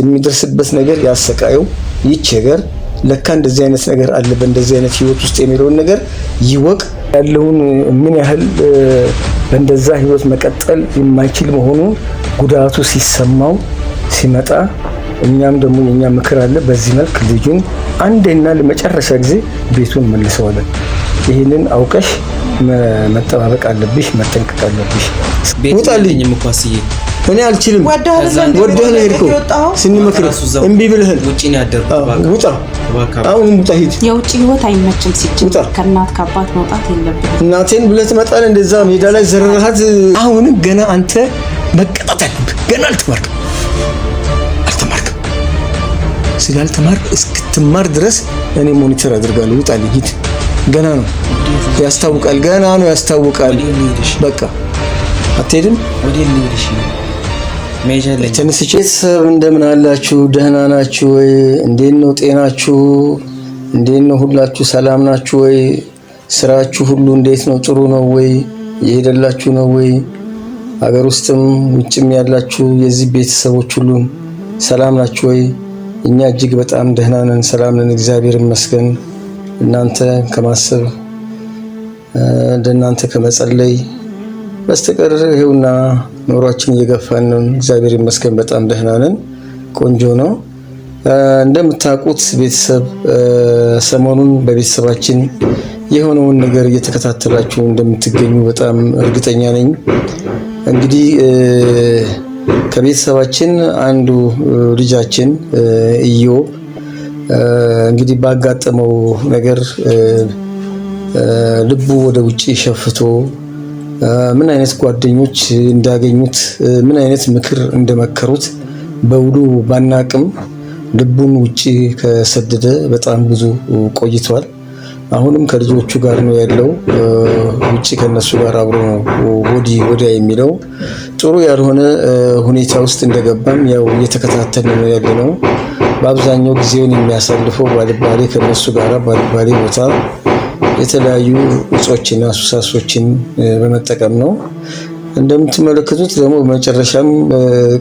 የሚደርስበት ነገር ያሰቃየው ይች ነገር ለካ እንደዚህ አይነት ነገር አለ በእንደዚህ አይነት ህይወት ውስጥ የሚለውን ነገር ይወቅ ያለውን ምን ያህል በእንደዛ ህይወት መቀጠል የማይችል መሆኑን ጉዳቱ ሲሰማው ሲመጣ እኛም ደግሞ የእኛ ምክር አለ። በዚህ መልክ ልጁን አንዴና ለመጨረሻ ጊዜ ቤቱን መልሰዋለን። ይህንን አውቀሽ መጠባበቅ አለብሽ፣ መጠንቀቅ አለብሽ። ቤት ያለኝም እኔ አልችልም። ወደህ ነው ሄድከው ስንመክር እምቢ ብልህን ውጣ፣ አሁን ውጣ፣ ሂድ። የውጭ ህይወት አይመችም። ሲጭ ከእናት ከአባት መውጣት የለብህም። እናቴን ብለህ ትመጣለህ። እንደዛ ሜዳ ላይ ዘረራት። አሁንም ገና አንተ መቀጣት አለብህ። ገና አልተማርክም፣ አልተማርክም። ስላልተማርክ እስክትማር ድረስ እኔ ሞኒተር አድርጋለሁ። ውጣ፣ ሂድ። ገና ነው ያስታውቃል፣ ገና ነው ያስታውቃል። በቃ አትሄድም። ወዴት ቤተሰብ እንደምን አላችሁ? ደህና ናችሁ ወይ? እንዴት ነው ጤናችሁ? እንዴት ነው ሁላችሁ? ሰላም ናችሁ ወይ? ስራችሁ ሁሉ እንዴት ነው? ጥሩ ነው ወይ? የሄደላችሁ ነው ወይ? ሀገር ውስጥም ውጭም ያላችሁ የዚህ ቤተሰቦች ሁሉም ሰላም ናችሁ ወይ? እኛ እጅግ በጣም ደህና ነን፣ ሰላም ነን፣ እግዚአብሔር ይመስገን። እናንተ ከማሰብ እንደናንተ ከመጸለይ በስተቀር ይኸውና ኑሯችን እየገፋን ነው። እግዚአብሔር ይመስገን በጣም ደህና ነን። ቆንጆ ነው። እንደምታውቁት ቤተሰብ ሰሞኑን በቤተሰባችን የሆነውን ነገር እየተከታተላችሁ እንደምትገኙ በጣም እርግጠኛ ነኝ። እንግዲህ ከቤተሰባችን አንዱ ልጃችን እዮ እንግዲህ ባጋጠመው ነገር ልቡ ወደ ውጭ ሸፍቶ ምን አይነት ጓደኞች እንዳገኙት፣ ምን አይነት ምክር እንደመከሩት በውሉ ባናቅም ልቡን ውጪ ከሰደደ በጣም ብዙ ቆይቷል። አሁንም ከልጆቹ ጋር ነው ያለው። ውጭ ከነሱ ጋር አብሮ ነው ወዲ ወዲያ የሚለው ጥሩ ያልሆነ ሁኔታ ውስጥ እንደገባም ያው እየተከታተል ነው ያለ ነው። በአብዛኛው ጊዜውን የሚያሳልፈው ባልባሌ ከነሱ ጋር ባልባሌ ቦታ የተለያዩ እጾችና ሱሳሶችን በመጠቀም ነው። እንደምትመለከቱት ደግሞ በመጨረሻም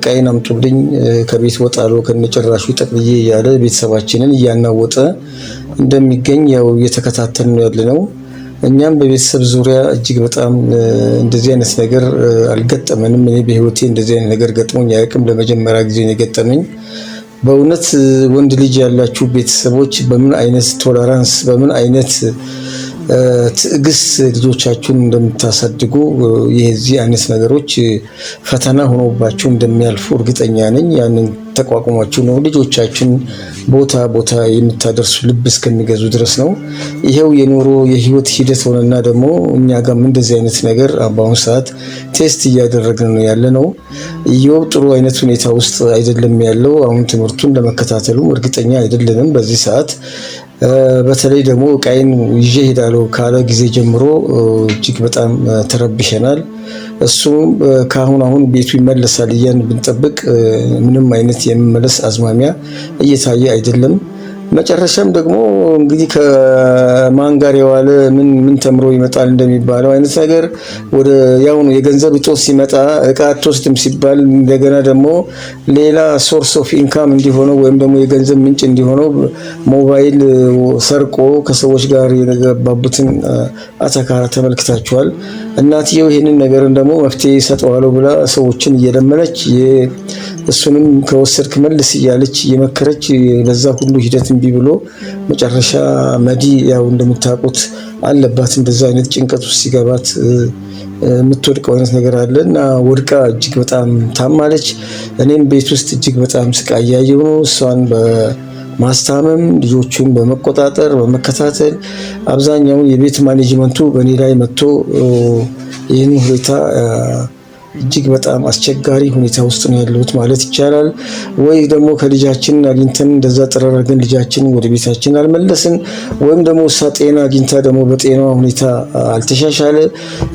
ቀይን አምጡልኝ ከቤት ወጣሎ ከነጭራሹ ጠቅልዬ እያለ ቤተሰባችንን እያናወጠ እንደሚገኝ ያው እየተከታተል ነው ያለ ነው። እኛም በቤተሰብ ዙሪያ እጅግ በጣም እንደዚህ አይነት ነገር አልገጠመንም። እኔ በህይወቴ እንደዚህ አይነት ነገር ገጥሞኝ አያውቅም። ለመጀመሪያ ጊዜ የገጠመኝ። በእውነት ወንድ ልጅ ያላችሁ ቤተሰቦች በምን አይነት ቶለራንስ፣ በምን አይነት ትዕግስት ልጆቻችሁን እንደምታሳድጉ የዚህ አይነት ነገሮች ፈተና ሆኖባችሁ እንደሚያልፉ እርግጠኛ ነኝ። ያንን ተቋቁሟችሁ ነው ልጆቻችን ቦታ ቦታ የምታደርሱ ልብ እስከሚገዙ ድረስ ነው። ይሄው የኑሮ የህይወት ሂደት ሆነና ደግሞ እኛ ጋም እንደዚህ አይነት ነገር በአሁኑ ሰዓት ቴስት እያደረግን ነው ያለ ነው። እየው ጥሩ አይነት ሁኔታ ውስጥ አይደለም ያለው። አሁን ትምህርቱን ለመከታተሉ እርግጠኛ አይደለንም በዚህ ሰዓት በተለይ ደግሞ እቃዬን ይዤ ሄዳለሁ ካለ ጊዜ ጀምሮ እጅግ በጣም ተረብሸናል። እሱም ከአሁን አሁን ቤቱ ይመለሳል እያን ብንጠብቅ ምንም አይነት የመመለስ አዝማሚያ እየታየ አይደለም። መጨረሻም ደግሞ እንግዲህ ከማን ጋር የዋለ ምን ምን ተምሮ ይመጣል እንደሚባለው አይነት ነገር ወደ ያሁኑ የገንዘብ እጦት ሲመጣ እቃ አትወስድም ሲባል እንደገና ደግሞ ሌላ ሶርስ ኦፍ ኢንካም እንዲሆነው ወይም ደግሞ የገንዘብ ምንጭ እንዲሆነው ሞባይል ሰርቆ ከሰዎች ጋር የገባቡትን አተካራ ተመልክታችኋል። እናትየው ይህንን ነገርን ደግሞ መፍትሄ ሰጠዋለሁ ብላ ሰዎችን እየለመነች እሱንም ከወሰድክ መልስ እያለች እየመከረች በዛ ሁሉ ሂደት እምቢ ብሎ መጨረሻ መዲ ያው እንደምታውቁት አለባት። እንደዛ አይነት ጭንቀት ውስጥ ሲገባት የምትወድቀው አይነት ነገር አለ እና ወድቃ እጅግ በጣም ታማለች። እኔም ቤት ውስጥ እጅግ በጣም ስቃይ እያየሁ ነው እሷን ማስታመም፣ ልጆቹን በመቆጣጠር በመከታተል አብዛኛውን የቤት ማኔጅመንቱ በእኔ ላይ መጥቶ ይህን ሁኔታ እጅግ በጣም አስቸጋሪ ሁኔታ ውስጥ ነው ያለሁት ማለት ይቻላል። ወይ ደግሞ ከልጃችን አግኝተን እንደዛ ጥረር ልጃችን ወደ ቤታችን አልመለስን፣ ወይም ደግሞ እሷ ጤና አግኝታ ደግሞ በጤና ሁኔታ አልተሻሻለ።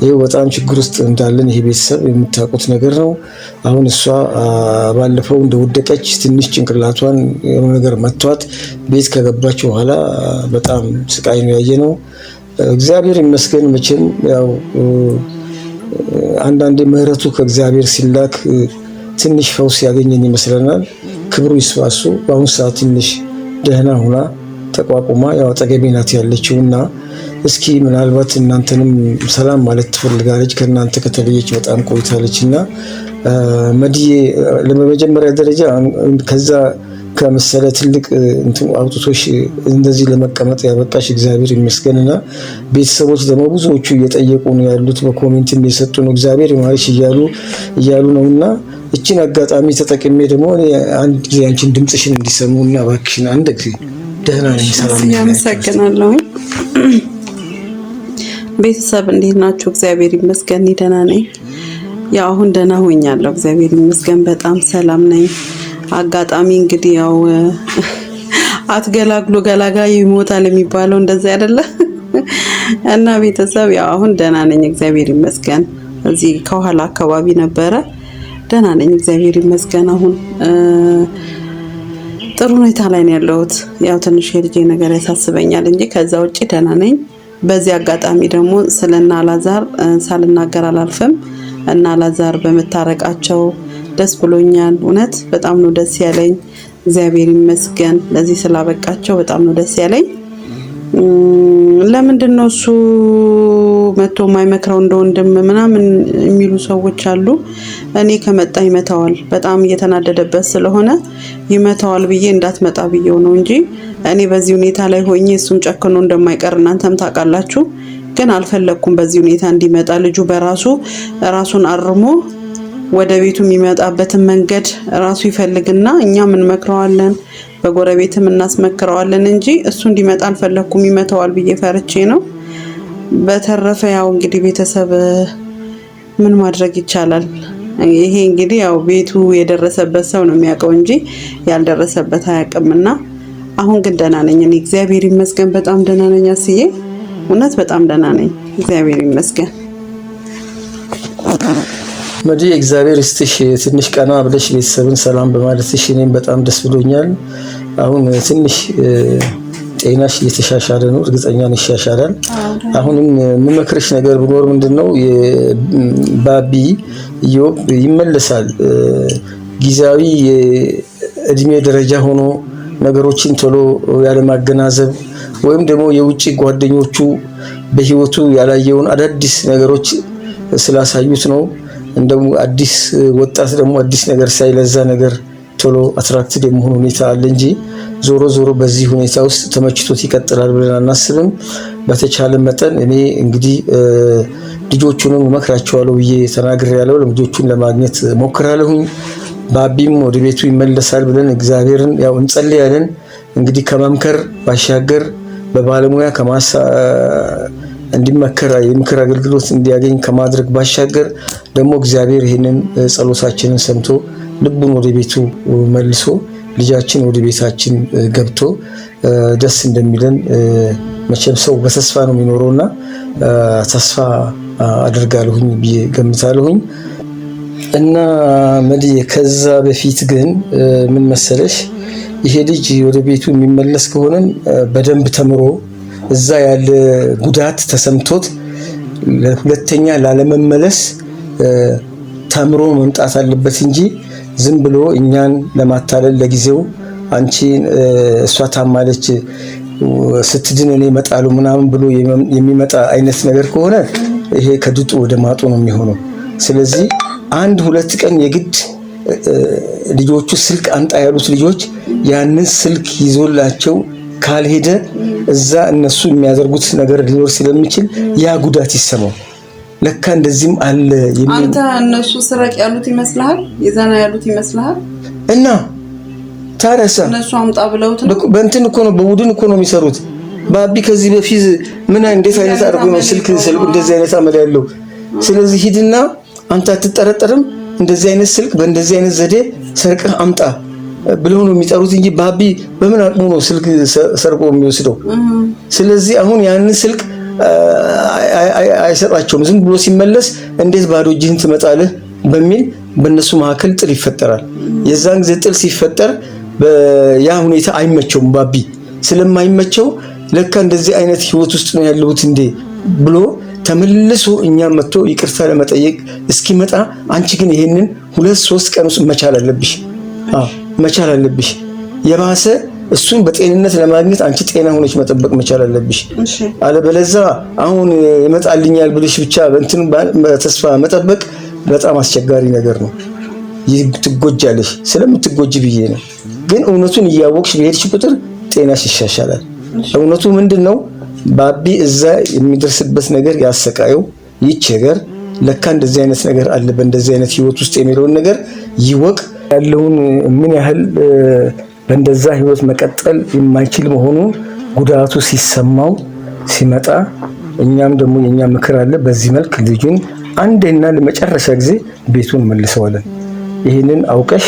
ይህ በጣም ችግር ውስጥ እንዳለን ይሄ ቤተሰብ የምታውቁት ነገር ነው። አሁን እሷ ባለፈው እንደወደቀች ትንሽ ጭንቅላቷን የሆነ ነገር መቷት፣ ቤት ከገባች በኋላ በጣም ስቃይ ነው ያየ ነው። እግዚአብሔር ይመስገን መቼም ያው አንዳንዴ ምሕረቱ ከእግዚአብሔር ሲላክ ትንሽ ፈውስ ያገኘን ይመስለናል። ክብሩ ይስፋሱ። በአሁኑ ሰዓት ትንሽ ደህና ሁና ተቋቁማ ያው አጠገቤ ናት ያለችው እና እስኪ ምናልባት እናንተንም ሰላም ማለት ትፈልጋለች። ከእናንተ ከተለየች በጣም ቆይታለች እና መድዬ ለመጀመሪያ ደረጃ ከዛ ከመሰለ ትልቅ እንትን አውጥቶሽ እንደዚህ ለመቀመጥ ያበቃሽ እግዚአብሔር ይመስገን እና ቤተሰቦች ደግሞ ብዙዎቹ እየጠየቁ ነው ያሉት፣ በኮሜንትም እየሰጡ ነው እግዚአብሔር ይማርሽ እያሉ እያሉ ነው እና እችን አጋጣሚ ተጠቅሜ ደግሞ አንድ ጊዜ አንቺን ድምፅሽን እንዲሰሙ እና እባክሽን አንድ ጊዜ ደህና ነኝ ሰላም ያመሰግናለሁ። ቤተሰብ እንዴት ናችሁ? እግዚአብሔር ይመስገን ደህና ነኝ። ያው አሁን ደህና ሆኛለሁ፣ እግዚአብሔር ይመስገን በጣም ሰላም ነኝ። አጋጣሚ እንግዲህ ያው አትገላግሎ ገላጋ ይሞታል የሚባለው እንደዛ አይደለ? እና ቤተሰብ ያው አሁን ደህና ነኝ፣ እግዚአብሔር ይመስገን። እዚህ ከኋላ አካባቢ ነበረ። ደህና ነኝ፣ እግዚአብሔር ይመስገን። አሁን ጥሩ ሁኔታ ላይ ነው ያለሁት። ያው ትንሽ የልጄ ነገር ያሳስበኛል እንጂ ከዛ ውጭ ደህና ነኝ። በዚህ አጋጣሚ ደግሞ ስለና አላዛር ሳልናገር አላልፍም እና አላዛር በመታረቃቸው ደስ ብሎኛል። እውነት በጣም ነው ደስ ያለኝ። እግዚአብሔር ይመስገን ለዚህ ስላበቃቸው በጣም ነው ደስ ያለኝ። ለምንድን ነው እሱ መቶ የማይመክረው እንደ ወንድም ምናምን የሚሉ ሰዎች አሉ። እኔ ከመጣ ይመታዋል፣ በጣም እየተናደደበት ስለሆነ ይመታዋል ብዬ እንዳትመጣ ብዬው ነው እንጂ እኔ በዚህ ሁኔታ ላይ ሆኜ እሱም ጨክኖ እንደማይቀር እናንተም ታውቃላችሁ። ግን አልፈለግኩም በዚህ ሁኔታ እንዲመጣ ልጁ በራሱ ራሱን አርሞ ወደ ቤቱ የሚመጣበትን መንገድ ራሱ ይፈልግና እኛም እንመክረዋለን፣ በጎረቤትም እናስመክረዋለን እንጂ እሱ እንዲመጣ አልፈለኩም። ይመተዋል ብዬ ፈርቼ ነው። በተረፈ ያው እንግዲህ ቤተሰብ ምን ማድረግ ይቻላል? ይሄ እንግዲህ ያው ቤቱ የደረሰበት ሰው ነው የሚያውቀው እንጂ ያልደረሰበት አያውቅምና አሁን ግን ደህና ነኝ እኔ እግዚአብሔር ይመስገን። በጣም ደህና ነኝ አስዬ፣ እውነት በጣም ደህና ነኝ እግዚአብሔር ይመስገን። መዲ እግዚአብሔር ይስጥሽ። ትንሽ ቀና ብለሽ ቤተሰብን ሰላም በማለትሽ እኔም በጣም ደስ ብሎኛል። አሁን ትንሽ ጤናሽ እየተሻሻለ ነው፣ እርግጠኛ ይሻሻላል። አሁንም የምመክርሽ ነገር ቢኖር ምንድን ነው ባቢ ኢዮብ ይመለሳል። ጊዜያዊ የእድሜ ደረጃ ሆኖ ነገሮችን ቶሎ ያለማገናዘብ ወይም ደግሞ የውጭ ጓደኞቹ በህይወቱ ያላየውን አዳዲስ ነገሮች ስላሳዩት ነው እንደሞ አዲስ ወጣት ደግሞ አዲስ ነገር ሳይለዛ ነገር ቶሎ አትራክትድ የመሆን ሁኔታ አለ እንጂ ዞሮ ዞሮ በዚህ ሁኔታ ውስጥ ተመችቶት ይቀጥላል ብለን አናስብም። በተቻለ መጠን እኔ እንግዲህ ልጆቹንም እመክራቸዋለሁ ብዬ ተናግሬ ያለው ልጆቹን ለማግኘት ሞክራለሁኝ። በአቢም ወደ ቤቱ ይመለሳል ብለን እግዚአብሔርን ያው እንጸልያለን። እንግዲህ ከመምከር ባሻገር በባለሙያ ከማሳ እንዲመከር የምክር አገልግሎት እንዲያገኝ ከማድረግ ባሻገር ደግሞ እግዚአብሔር ይህንን ጸሎታችንን ሰምቶ ልቡን ወደ ቤቱ መልሶ ልጃችን ወደ ቤታችን ገብቶ ደስ እንደሚለን መቼም ሰው በተስፋ ነው እና ተስፋ አድርጋለሁኝ ብዬ ገምታለሁኝ። እና መድዬ ከዛ በፊት ግን ምን መሰለሽ ይሄ ልጅ ወደ ቤቱ የሚመለስ ከሆነም በደንብ ተምሮ እዛ ያለ ጉዳት ተሰምቶት ሁለተኛ ላለመመለስ ተምሮ መምጣት አለበት እንጂ ዝም ብሎ እኛን ለማታለል ለጊዜው አንቺ እሷ ታማለች ስትድን እኔ እመጣለሁ ምናምን ብሎ የሚመጣ አይነት ነገር ከሆነ ይሄ ከድጡ ወደ ማጡ ነው የሚሆነው። ስለዚህ አንድ ሁለት ቀን የግድ ልጆቹ ስልክ አንጣ ያሉት ልጆች ያንን ስልክ ይዞላቸው ካልሄደ እዛ እነሱ የሚያደርጉት ነገር ሊኖር ስለሚችል ያ ጉዳት ይሰማው። ለካ እንደዚህም አለ። አንተ እነሱ ስረቅ ያሉት ይመስልሃል? የዘና ያሉት ይመስልሃል? እና ታረሰ እነሱ አምጣ ብለውት በእንትን እኮ ነው በቡድን እኮ ነው የሚሰሩት። ባቢ ከዚህ በፊት ምን እንዴት አይነት አድርጎ ነው ስልክ ስልኩ እንደዚህ አይነት አመል ያለው። ስለዚህ ሂድና አንተ አትጠረጠርም። እንደዚህ አይነት ስልክ በእንደዚህ አይነት ዘዴ ሰርቀህ አምጣ ብለው ነው የሚጠሩት እንጂ ባቢ በምን አቅሙ ነው ስልክ ሰርቆ የሚወስደው? ስለዚህ አሁን ያንን ስልክ አይሰጣቸውም። ዝም ብሎ ሲመለስ እንዴት ባዶ እጅህን ትመጣለህ በሚል በእነሱ መካከል ጥል ይፈጠራል። የዛን ጊዜ ጥል ሲፈጠር ያ ሁኔታ አይመቸውም። ባቢ ስለማይመቸው ለካ እንደዚህ አይነት ህይወት ውስጥ ነው ያለሁት እንዴ ብሎ ተመልሶ እኛ መጥቶ ይቅርታ ለመጠየቅ እስኪመጣ አንቺ ግን ይሄንን ሁለት ሶስት ቀን ውስጥ መቻል አለብሽ። መቻል አለብሽ። የባሰ እሱን በጤንነት ለማግኘት አንቺ ጤና ሆነች መጠበቅ መቻል አለብሽ። አለበለዛ አሁን ይመጣልኛል ብለሽ ብቻ እንትን ተስፋ መጠበቅ በጣም አስቸጋሪ ነገር ነው። ትጎጃለሽ። ስለምትጎጂ ብዬ ነው። ግን እውነቱን እያወቅሽ በሄድሽ ቁጥር ጤናሽ ይሻሻላል። እውነቱ ምንድን ነው? ባቢ እዛ የሚደርስበት ነገር ያሰቃየው ይች ለካ እንደዚህ አይነት ነገር አለ በእንደዚህ አይነት ህይወት ውስጥ የሚለውን ነገር ይወቅ ያለውን ምን ያህል በእንደዛ ህይወት መቀጠል የማይችል መሆኑ ጉዳቱ ሲሰማው ሲመጣ እኛም ደግሞ የእኛ ምክር አለ። በዚህ መልክ ልጁን አንዴና ለመጨረሻ ጊዜ ቤቱን መልሰዋለን። ይህንን አውቀሽ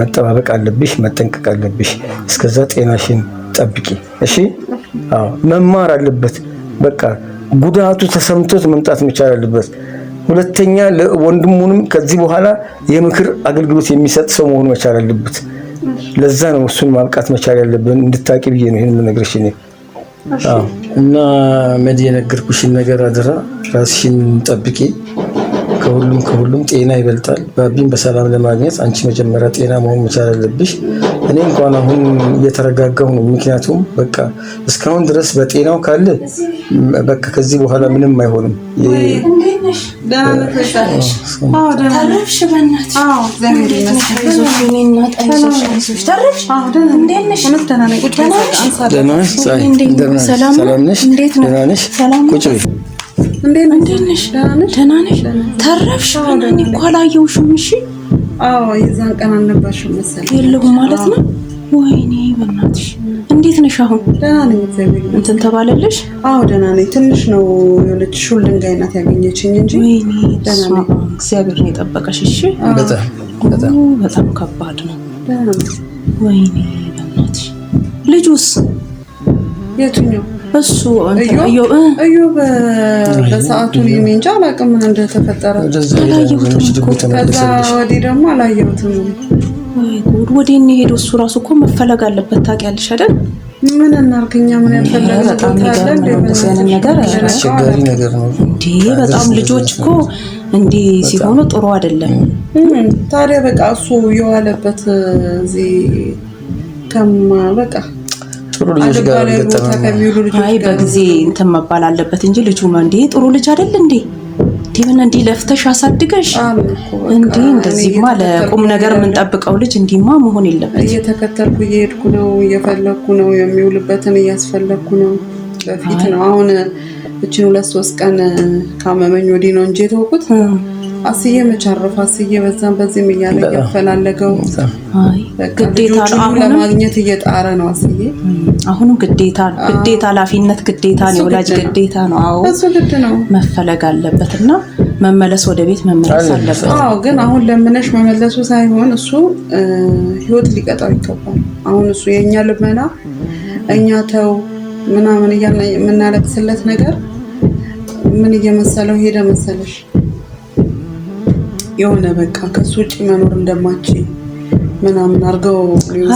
መጠባበቅ አለብሽ፣ መጠንቀቅ አለብሽ። እስከዛ ጤናሽን ጠብቂ። እሺ፣ መማር አለበት። በቃ ጉዳቱ ተሰምቶት መምጣት መቻል አለበት። ሁለተኛ ወንድሙንም ከዚህ በኋላ የምክር አገልግሎት የሚሰጥ ሰው መሆን መቻል አለበት። ለዛ ነው እሱን ማብቃት መቻል ያለብን እንድታቂ ብዬ ነው ይህን የምነግርሽ እና መድ የነገርኩሽን ነገር አደራ ራስሽን ጠብቄ ከሁሉም ከሁሉም ጤና ይበልጣል። ባቢን በሰላም ለማግኘት አንቺ መጀመሪያ ጤና መሆን መቻል አለብሽ። እኔ እንኳን አሁን እየተረጋጋሁ ነው። ምክንያቱም በቃ እስካሁን ድረስ በጤናው ካለ በቃ ከዚህ በኋላ ምንም አይሆንም። ደህና ነሽ? ቁጭ በይ እንዴት ነሽ? ደህና ነሽ? ተረፍሽ? እኔ እኮ አላየሁሽም። እሺ። አዎ የዛን ቀን አልነበርሽም መሰለኝ። የለሁም ማለት ነው። ወይኔ በእናትሽ እንዴት ነሽ አሁን? ደህና ነኝ እግዚአብሔር ይመስገን። እንትን ተባለልሽ? አዎ ደህና ነኝ። ትንሽ ነው የሆነች ሹል ድንጋይ ናት ያገኘችኝ እንጂ እግዚአብሔር ነው የጠበቀሽ። እሺ። በጣም በጣም ከባድ ነው። ወይኔ በእናትሽ ልጁስ የትኛው እሱ እዩ በሰዓቱ እኔ እንጃ አላውቅም ምን እንደተፈጠረ። ከዛ ወዲህ ደግሞ አላየሁትም። ወደ እኔ ሄዶ እሱ ራሱ እኮ መፈለግ አለበት። ታውቂያለሽ አይደል? ምን እናድርግ ምን ያልፈለግበታለእንዴ በጣም ልጆች እኮ እንዲህ ሲሆኑ ጥሩ አይደለም። ታዲያ በቃ እሱ የዋለበት እዚህ ከማ በቃ ጥሩ ልጆች ጋር አይ በጊዜ እንትን መባል አለበት እንጂ ልጁ እንዴ ጥሩ ልጅ አይደል እንዴ ምን እንዲህ ለፍተሽ አሳድገሽ እንዲህ እንደዚህማ ለቁም ነገር የምንጠብቀው ልጅ እንዲህማ መሆን የለበት። እየተከተልኩ እየሄድኩ ነው፣ እየፈለግኩ ነው፣ የሚውልበትን እያስፈለግኩ ነው። በፊት ነው አሁን እችን ሁለት ሶስት ቀን ካመመኝ ወዲህ ነው እንጂ የተውኩት ፋስዬ መቻረ ፋስዬ በዛም በዚህም እያለ እያፈላለገው ልጆቹንም ለማግኘት እየጣረ ነው። አስዬ አሁኑ ግዴታ ግዴታ ኃላፊነት ግዴታ ነው፣ የወላጅ ግዴታ ነው። አዎ እሱ ግድ ነው፣ መፈለግ አለበት እና መመለስ ወደ ቤት መመለስ አለበት። አዎ ግን አሁን ለምነሽ መመለሱ ሳይሆን እሱ ህይወት ሊቀጣው ይገባል። አሁን እሱ የእኛ ልመና እኛ ተው ምናምን እያልን የምናለቅስለት ነገር ምን እየመሰለው ሄደ መሰለሽ? የሆነ በቃ ከሱ ውጭ መኖር እንደማችል ምናምን አድርገው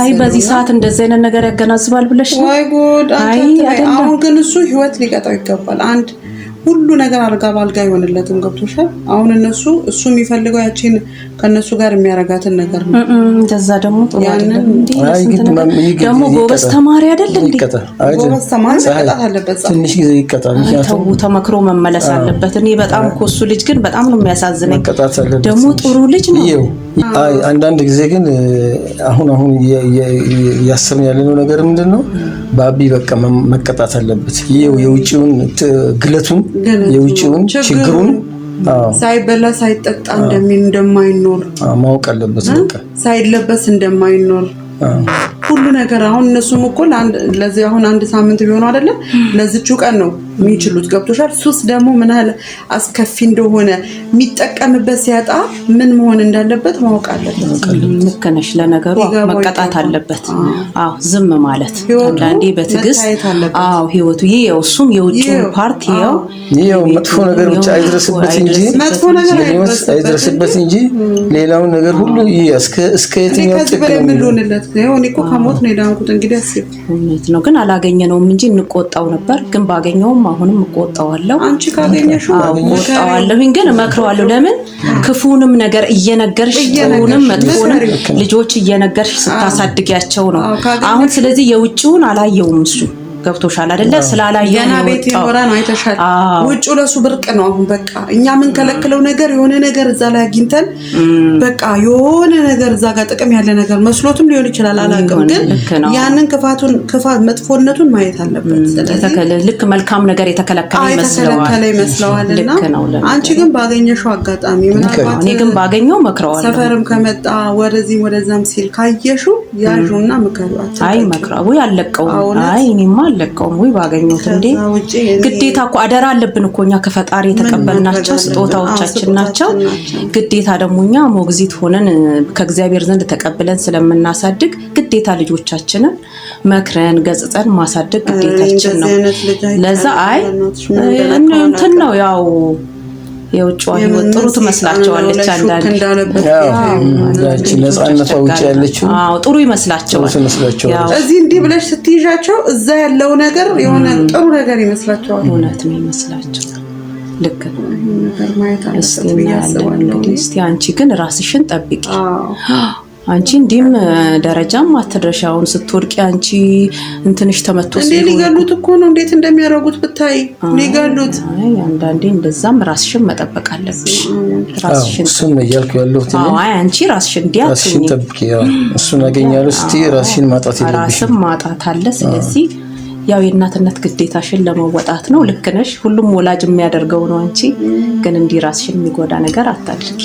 አይ በዚህ ሰዓት እንደዚህ አይነት ነገር ያገናዝባል ብለሽ ነው? አይ ጉድ! አሁን ግን እሱ ህይወት ሊቀጣው ይገባል። አንድ ሁሉ ነገር አልጋ ባልጋ አይሆንለትም። ገብቶሻል? አሁን እነሱ እሱ የሚፈልገው ያችን ከእነሱ ጋር የሚያረጋትን ነገር ነው። እንደዛ ደግሞ ደግሞ ጎበዝ ተማሪ አይደል እንዴ? ጎበዝ ተማሪ መቀጣት አለበት። ትንሽ ጊዜ ይቀጣል። ተመክሮ መመለስ አለበት። እኔ በጣም እኮ እሱ ልጅ ግን በጣም ነው የሚያሳዝነኝ። ደግሞ ጥሩ ልጅ ነው አንዳንድ ጊዜ ግን አሁን አሁን እያሰብን ያለነው ነገር ምንድን ነው፣ በአቢ በቃ መቀጣት አለበት። የውጭውን ግለቱን፣ የውጭውን ችግሩን ሳይበላ ሳይጠጣ እንደሚን እንደማይኖር ማወቅ አለበት። በቃ ሳይለበስ እንደማይኖር ሁሉ ነገር አሁን እነሱም እኮ ለዚህ አሁን አንድ ሳምንት ቢሆኑ አይደለም ለዚችው ቀን ነው የሚችሉት። ገብቶሻል? ሱስ ደግሞ ምን ያህል አስከፊ እንደሆነ የሚጠቀምበት ሲያጣ ምን መሆን እንዳለበት ማወቅ አለበት። ልክ ነሽ። ለነገሩ መቀጣት አለበት። አዎ፣ ዝም ማለት አንዳንዴ በትዕግስት አዎ፣ ህይወቱ ይህ ያው እሱም የውጭውን ፓርት ያው ይኸው መጥፎ ነገር ብቻ አይድረስበት እንጂ አይድረስበት እንጂ ሌላውን ነገር ሁሉ እስከ የትኛው ጥቅም ሞት ነው የዳንኩት። እንግዲህ አስብ። እውነት ነው ግን አላገኘነውም እንጂ እንቆጣው ነበር። ግን ባገኘውም አሁንም እቆጣዋለሁ። አንቺ ካገኘሽው እቆጣዋለሁኝ፣ ግን እመክረዋለሁ። ለምን ክፉንም ነገር እየነገርሽ ጥሩንም መጥፎንም ልጆች እየነገርሽ ስታሳድጊያቸው ነው አሁን። ስለዚህ የውጭውን አላየውም እሱ ገብቶሻል አይደለ? ስላላየ ገና ቤት የኖራ ነው አይተሻል። ውጭ ለሱ ብርቅ ነው። አሁን በቃ እኛ የምንከለክለው ነገር የሆነ ነገር እዛ ላይ አግኝተን በቃ የሆነ ነገር እዛ ጋር ጥቅም ያለ ነገር መስሎትም ሊሆን ይችላል አላውቅም፣ ግን ያንን ክፋቱን ክፋት መጥፎነቱን ማየት አለበት። ልክ መልካም ነገር የተከለከለ ይመስለዋል። እና አንቺ ግን ባገኘሽው አጋጣሚ ምናልባት እኔ ግን ባገኘው መክረዋል። ሰፈርም ከመጣ ወደዚህም ወደዛም ሲል ካየሽው ያዡና ምከሯት። አይ መክራ ወይ አለቀው አይ እኔማ አልለቀውም። ወይ ባገኘሁት እንዴ! ግዴታ እኮ አደራ አለብን እኮ እኛ ከፈጣሪ የተቀበልናቸው ስጦታዎቻችን ናቸው። ግዴታ ደግሞ እኛ ሞግዚት ሆነን ከእግዚአብሔር ዘንድ ተቀብለን ስለምናሳድግ ግዴታ ልጆቻችንን መክረን ገጽጠን ማሳደግ ግዴታችን ነው። ለዛ አይ እንትን ነው ያው የውጭዋ ህይወት ጥሩ ትመስላቸዋለች። አንዳንድ ነፃነቷ ውጭ ያለችው ጥሩ ይመስላቸዋል። እዚህ እንዲህ ብለሽ ስትይዣቸው እዛ ያለው ነገር የሆነ ጥሩ ነገር ይመስላቸዋል። እውነት ነው ይመስላቸው። ልክ ነው። እስቲ እናያለን እንግዲህ። እስቲ አንቺ ግን ራስሽን ጠብቂ። አንቺ እንዲህም ደረጃም አትድረሻውን ስትወድቂ አንቺ እንትንሽ ተመቶ እንዴ ሊገሉት እኮ ነው። እንዴት እንደሚያደርጉት ብታይ ሊገሉት። አንዳንዴ እንደዛም ራስሽን መጠበቅ አለብሽ። እሱን እያልኩ ያለሁት አንቺ ራስሽን እንዲህ ራስሽን ጠብቂ። እሱን አገኛለሁ ስ ራስሽን ማጣት ራስም ማጣት አለ። ስለዚህ ያው የእናትነት ግዴታሽን ለመወጣት ነው። ልክ ነሽ። ሁሉም ወላጅ የሚያደርገው ነው። አንቺ ግን እንዲህ ራስሽን የሚጎዳ ነገር አታድርጊ።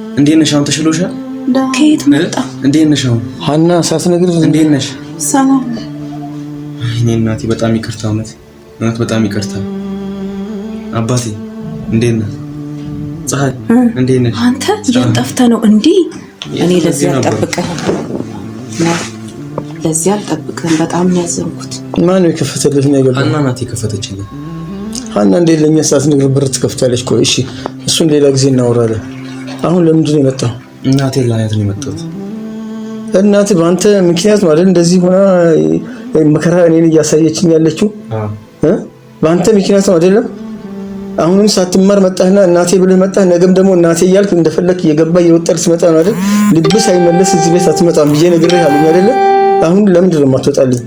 እንዴት ነሽ? አሁን ተሽሎሻል? ከየት መጣ? እንዴት ነሽ? አሁን ሀና ሳትነግሪኝ እንዴት ነሽ? ሰላም። እኔ እናቴ በጣም ይቅርታ፣ እውነት እውነት በጣም ይቅርታ። አባቴ እንዴት ነህ? ፀሐይ እንዴት ነሽ? አንተ የት ጠፍተህ ነው እንዴ? እኔ ለዚህ አልጠብቅህም፣ ለዚህ አልጠብቅህም። በጣም ነው ያዘንኩት። ማነው የከፈተልሽ? ነው ያገባ ሀና ናት የከፈተችልኝ። ሀና እንዴት ለእኛ ሳትነግሪኝ ብር ትከፍታለች? ቆይ እሺ፣ እሱን ሌላ ጊዜ እናወራለን። አሁን ለምንድን ነው የመጣው? እናቴ ላያት ነው የመጣሁት። እናት በአንተ ምክንያት ማለት እንደዚህ ሆና መከራ እኔን እያሳየችኝ ያለችው በአንተ ምክንያት ነው አይደለም? አሁንም ሳትማር መጣህና እናቴ ብለህ መጣህ። ነገም ደግሞ እናቴ እያልክ እንደፈለክ እየገባ እየወጣ ልትመጣ ነው አይደል? ልብስ አይመለስ እዚህ ቤት አትመጣም ብዬ ነግሬህ አሉኝ አይደለ? አሁን ለምንድን ነው የማትወጣልኝ?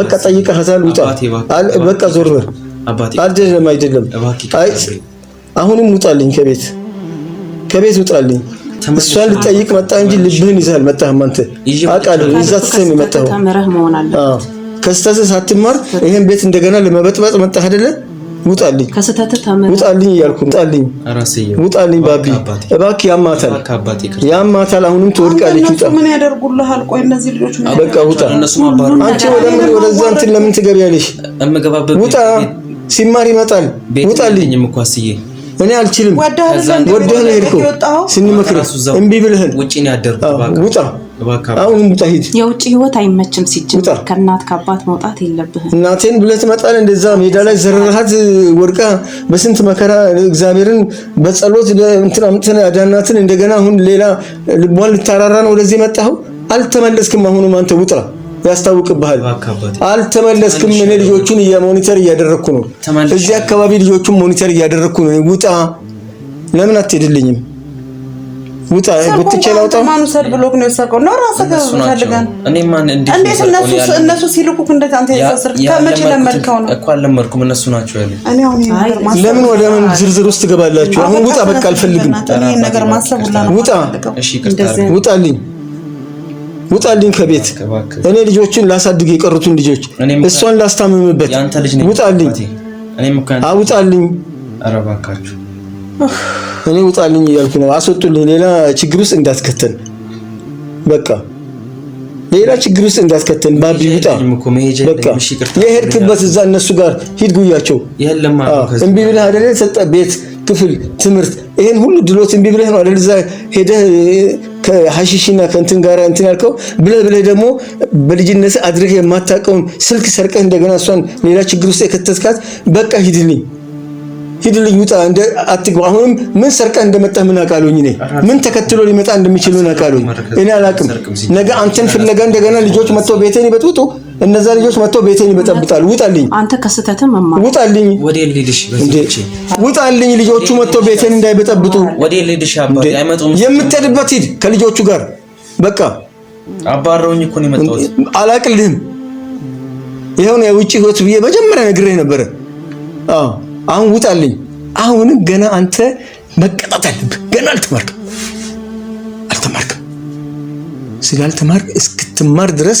በቃ ጠይቀህ ጠይቀሃታል፣ ውጣ። በቃ ዞር በል። አይደለም አይደለም፣ አሁንም ውጣልኝ ከቤት ከቤት ውጣልኝ። እሷን ልጠይቅ መጣ እንጂ ልብህን ይዛል መጣህም አንተ አውቃለሁ። ይዛ ትተህ የመጣኸው ከስተትህ ሳትማር ይሄን ቤት እንደገና ለመበጥበጥ መጣህ አይደለ? ውጣልኝ፣ ውጣልኝ እያልኩ ውጣልኝ፣ ውጣልኝ ባቢ፣ እባክህ ያማታል፣ ያማታል። አሁንም ትወድቃለች። ውጣ፣ በቃ ውጣ። አንቺ ወደዛ እንትን ለምን ትገቢያለሽ? ውጣ። ሲማር ይመጣል። ውጣልኝ እኔ አልችልም። ወደህ ነው ሄድከው ስንመክረህ እምቢ ብለህን ውጣ። አሁንም ውጣ ሂድ። የውጭ ህይወት አይመችም ሲጀምር ከእናት ከአባት መውጣት የለብህም። እናቴን ብለህ ትመጣለህ። እንደዛ ሜዳ ላይ ዘረረሃት ወድቃ በስንት መከራ እግዚአብሔርን በጸሎት እንትን አምጥተን አዳናትን። እንደገና አሁን ሌላ ልቧን ልታራራ ነው ወደዚህ የመጣኸው። አልተመለስክም። አሁንም አንተ ውጣ ያስታውቅብሃል። አልተመለስክም። እኔ ልጆቹን ሞኒተር እያደረግኩ ነው። እዚህ አካባቢ ልጆቹን ሞኒተር እያደረግኩ ነው። ውጣ፣ ለምን አትሄድልኝም? ውጣ ጉትቼ ላውጣ። ማን ሰድ ብሎክ ነው የሰቀው? ነው ራስህ ፈልጋን። እኔ ማን እንዴ? እንዴት እነሱ እነሱ ሲልኩክ እንዴት አንተ የሰስር ከመቼ ለመድከው ነው እኮ? አልለመድኩም። እነሱ ናቸው ያለኝ። እኔ አሁን ለምን ወደ ምን ዝርዝር ውስጥ ትገባላችሁ? አሁን ውጣ፣ በቃ አልፈልግም። ነገር ነው። ውጣ፣ እሺ፣ ውጣልኝ ውጣልኝ ከቤት እኔ ልጆችን ላሳድግ የቀሩትን ልጆች እሷን ላስታምምበት ውጣልኝ፣ አውጣልኝ፣ እኔ ውጣልኝ እያልኩ ነው። አስወጡልኝ፣ ሌላ ችግር ውስጥ እንዳትከተን፣ በቃ ሌላ ችግር ውስጥ እንዳትከተን። ባቢ ውጣ፣ በቃ የሄድክበት እዛ እነሱ ጋር ሂድ፣ ጉያቸው እምቢ ብለህ አይደለ ሰጠ ቤት፣ ክፍል፣ ትምህርት ይሄን ሁሉ ድሎት እምቢ ብለህ ነው አይደል እዛ ሄደህ ከሀሺሽና ከእንትን ጋር እንትን ያልከው ብለህ ብለህ ደግሞ በልጅነት አድርገህ የማታውቀውን ስልክ ሰርቀህ እንደገና እሷን ሌላ ችግር ውስጥ የከተትካት። በቃ ሂድልኝ፣ ሂድልኝ፣ ውጣ፣ አትግባ። አሁንም ምን ሰርቀህ እንደመጣህ ምን አውቃለሁኝ እኔ ምን ተከትሎ ሊመጣ እንደሚችል ምን አውቃለሁኝ እኔ አላውቅም። ነገ አንተን ፍለጋ እንደገና ልጆች መጥተው ቤቴን ይበጥብጡ። እነዛ ልጆች መጥተው ቤቴን ይበጠብጣሉ። ውጣልኝ፣ አንተ ከስተተ መማ ውጣልኝ፣ ወዴ ውጣልኝ። ልጆቹ መጥተው ቤቴን እንዳይበጠብጡ የምትሄድበት ሂድ ከልጆቹ ጋር በቃ አባረውኝ እኮ ነው የመጣሁት። አላቅልህም። ይሄውን የውጭ ህይወት ብዬ መጀመሪያ ነግሬህ ነበረ። አዎ አሁን ውጣልኝ። አሁን ገና አንተ መቀጣት አለብህ። ገና አልተማርክም፣ አልተማርክም። ስላልተማርክ እስክትማር ድረስ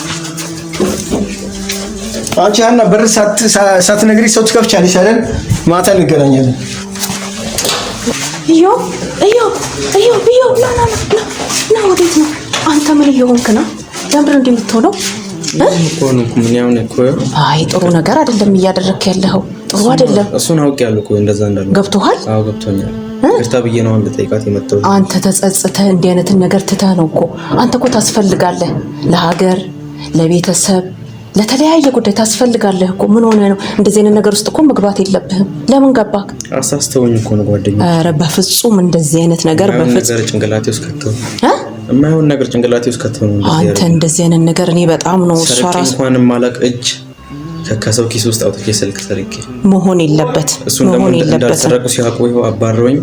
አንቺ ሀና በር ሳትነግሪ ሰው ትከፍቻለሽ አይደል? ማታ እንገናኛለን። እዮ እዮ እዮ እዮ ና ና ና፣ ወዴት ነው አንተ? ምን እየሆንክ ነው? ለምንድን ነው እንደምትሆነው? አይ ጥሩ ነገር አይደለም እያደረግክ ያለኸው ጥሩ አይደለም። እሱን አውቄያለሁ እኮ እንደዛ እንዳልኩ ገብቶሃል? አዎ ገብቶኛል። ይቅርታ ብዬ ነው ጠይቃት የመጣሁት። አንተ ተጸጽተህ እንዲህ አይነትን ነገር ትተህ ነው እኮ አንተ እኮ ታስፈልጋለህ ለሀገር ለቤተሰብ ለተለያየ ጉዳይ ታስፈልጋለህ እኮ ምን ሆነ ነው? እንደዚህ አይነት ነገር ውስጥ እኮ መግባት የለብህም። ለምን ገባህ? አሳስተውኝ እኮ ነው ጓደኛ። ኧረ በፍጹም እንደዚህ አይነት ነገር በፍጹም ጭንቅላቴ ውስጥ ከተው የማይሆን ነገር ጭንቅላቴ ውስጥ ከተው አንተ እንደዚህ አይነት ነገር እኔ በጣም ነው እሷ ራሱ እንኳን ማላቅ እጅ ከሰው ኪስ ውስጥ አውጥቼ ስልክ ሰርቄ መሆን የለበት እሱን ደግሞ እንዳልሰረቁ ሲያውቁ ይኸው አባረውኝ።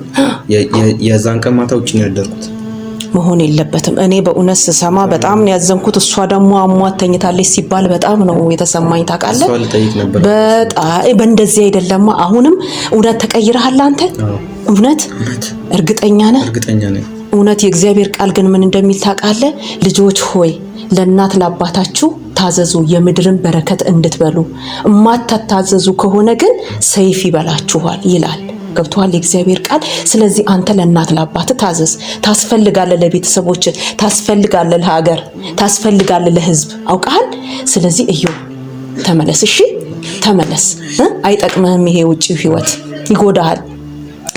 የዛን ቀን ማታ ውጭ ነው ያደርኩት መሆን የለበትም። እኔ በእውነት ስሰማ በጣም ነው ያዘንኩት። እሷ ደግሞ አሟት ተኝታለች ሲባል በጣም ነው የተሰማኝ። ታውቃለህ፣ በእንደዚህ አይደለማ። አሁንም እውነት ተቀይረሃል አንተ። እውነት እርግጠኛ ነህ? እውነት የእግዚአብሔር ቃል ግን ምን እንደሚል ታውቃለህ? ልጆች ሆይ ለእናት ለአባታችሁ ታዘዙ የምድርን በረከት እንድትበሉ። እማታታዘዙ ከሆነ ግን ሰይፍ ይበላችኋል ይላል። ገብተዋል የእግዚአብሔር ቃል። ስለዚህ አንተ ለእናት ለአባት ታዘዝ። ታስፈልጋለ፣ ለቤተሰቦች ታስፈልጋለ፣ ለሀገር ታስፈልጋለ፣ ለህዝብ አውቃል። ስለዚህ እዩ ተመለስ፣ እሺ ተመለስ። አይጠቅምህም ይሄ ውጭ ህይወት ይጎዳሃል።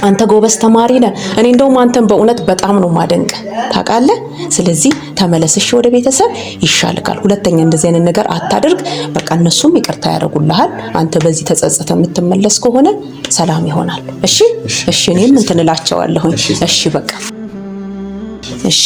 አንተ ጎበዝ ተማሪ ነህ። እኔ እንደውም አንተን በእውነት በጣም ነው ማደንቅ ታውቃለህ። ስለዚህ ተመለስሽ ወደ ቤተሰብ ይሻልካል። ሁለተኛ እንደዚህ አይነት ነገር አታድርግ። በቃ እነሱም ይቅርታ ያደርጉልሃል። አንተ በዚህ ተጸጽተ የምትመለስ ከሆነ ሰላም ይሆናል። እሺ፣ እሺ። እኔም እንትንላቸዋለሁኝ። እሺ፣ በቃ እሺ።